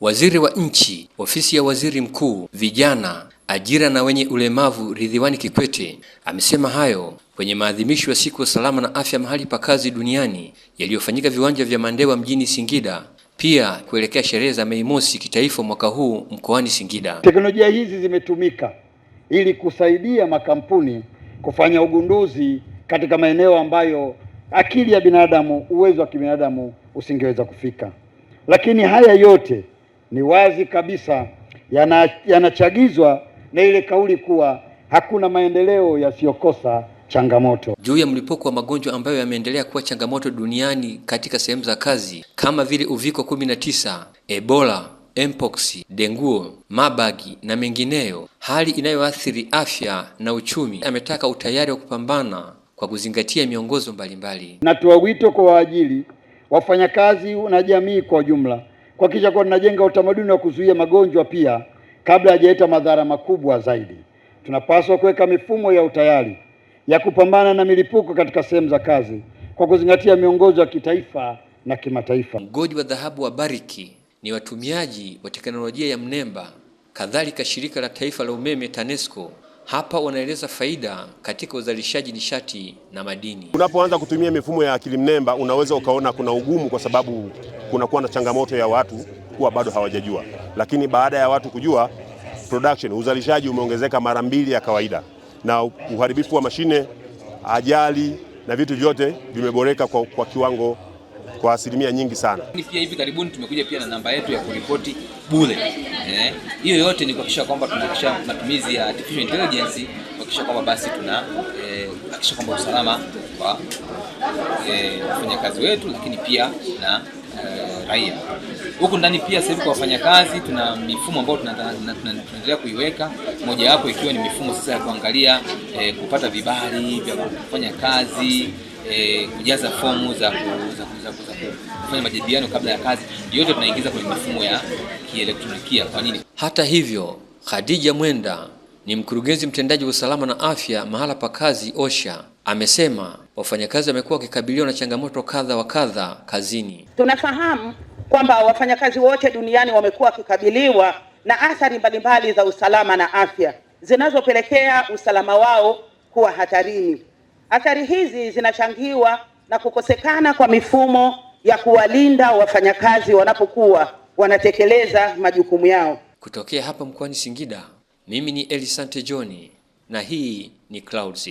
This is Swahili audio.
Waziri wa Nchi, Ofisi ya Waziri Mkuu, Vijana, Ajira na Wenye Ulemavu, Ridhiwani Kikwete amesema hayo kwenye maadhimisho ya Siku ya Salama na Afya Mahali pa Kazi Duniani yaliyofanyika viwanja vya Mandewa mjini Singida, pia kuelekea sherehe za Mei Mosi kitaifa mwaka huu mkoani Singida. Teknolojia hizi zimetumika ili kusaidia makampuni kufanya ugunduzi katika maeneo ambayo akili ya binadamu, uwezo wa kibinadamu usingeweza kufika, lakini haya yote ni wazi kabisa yanachagizwa yana na ile kauli kuwa hakuna maendeleo yasiyokosa changamoto. Juu ya mlipuko wa magonjwa ambayo yameendelea kuwa changamoto duniani katika sehemu za kazi kama vile uviko 19, Ebola, Mpox, denguo, mabagi na mengineyo, hali inayoathiri afya na uchumi, ametaka utayari wa kupambana kwa kuzingatia miongozo mbalimbali. Natoa wito kwa waajiri, wafanyakazi na jamii kwa ujumla kuhakikisha kuwa tunajenga utamaduni wa kuzuia magonjwa pia kabla hajaleta madhara makubwa zaidi. Tunapaswa kuweka mifumo ya utayari ya kupambana na milipuko katika sehemu za kazi kwa kuzingatia miongozo ya kitaifa na kimataifa. Mgodi wa dhahabu wa Bariki ni watumiaji wa teknolojia ya mnemba, kadhalika shirika la taifa la umeme TANESCO hapa wanaeleza faida katika uzalishaji nishati na madini. Unapoanza kutumia mifumo ya akili mnemba, unaweza ukaona kuna ugumu, kwa sababu kunakuwa na changamoto ya watu kuwa bado hawajajua, lakini baada ya watu kujua, production, uzalishaji umeongezeka mara mbili ya kawaida, na uharibifu wa mashine, ajali na vitu vyote vimeboreka kwa, kwa kiwango kwa asilimia nyingi sana. Pia hivi karibuni tumekuja pia na namba yetu ya kuripoti bure. Eh, hiyo yote ni kuhakikisha kwamba tunahakikisha matumizi ya artificial intelligence kuhakikisha kwamba basi tuna hakikisha eh, kwamba usalama wa eh, wafanyakazi eh, wetu lakini pia na eh, raia huku ndani pia. Sasa kwa wafanyakazi tuna mifumo ambayo tunaendelea kuiweka, mojawapo ikiwa ni mifumo sasa ya kuangalia eh, kupata vibali vya kufanya kazi e, kujaza fomu za kufanya majadiliano kabla ya kazi, yote tunaingiza kwenye mifumo ya kielektronikia. Kwa nini? Hata hivyo, Khadija Mwenda ni mkurugenzi mtendaji wa usalama na afya mahala pa kazi OSHA amesema wafanyakazi wamekuwa wakikabiliwa na changamoto kadha wa kadha kazini. Tunafahamu kwamba wafanyakazi wote duniani wamekuwa wakikabiliwa na athari mbalimbali za usalama na afya zinazopelekea usalama wao kuwa hatarini. Athari hizi zinachangiwa na kukosekana kwa mifumo ya kuwalinda wafanyakazi wanapokuwa wanatekeleza majukumu yao. Kutokea hapa mkoani Singida, mimi ni Elisante John na hii ni Clouds.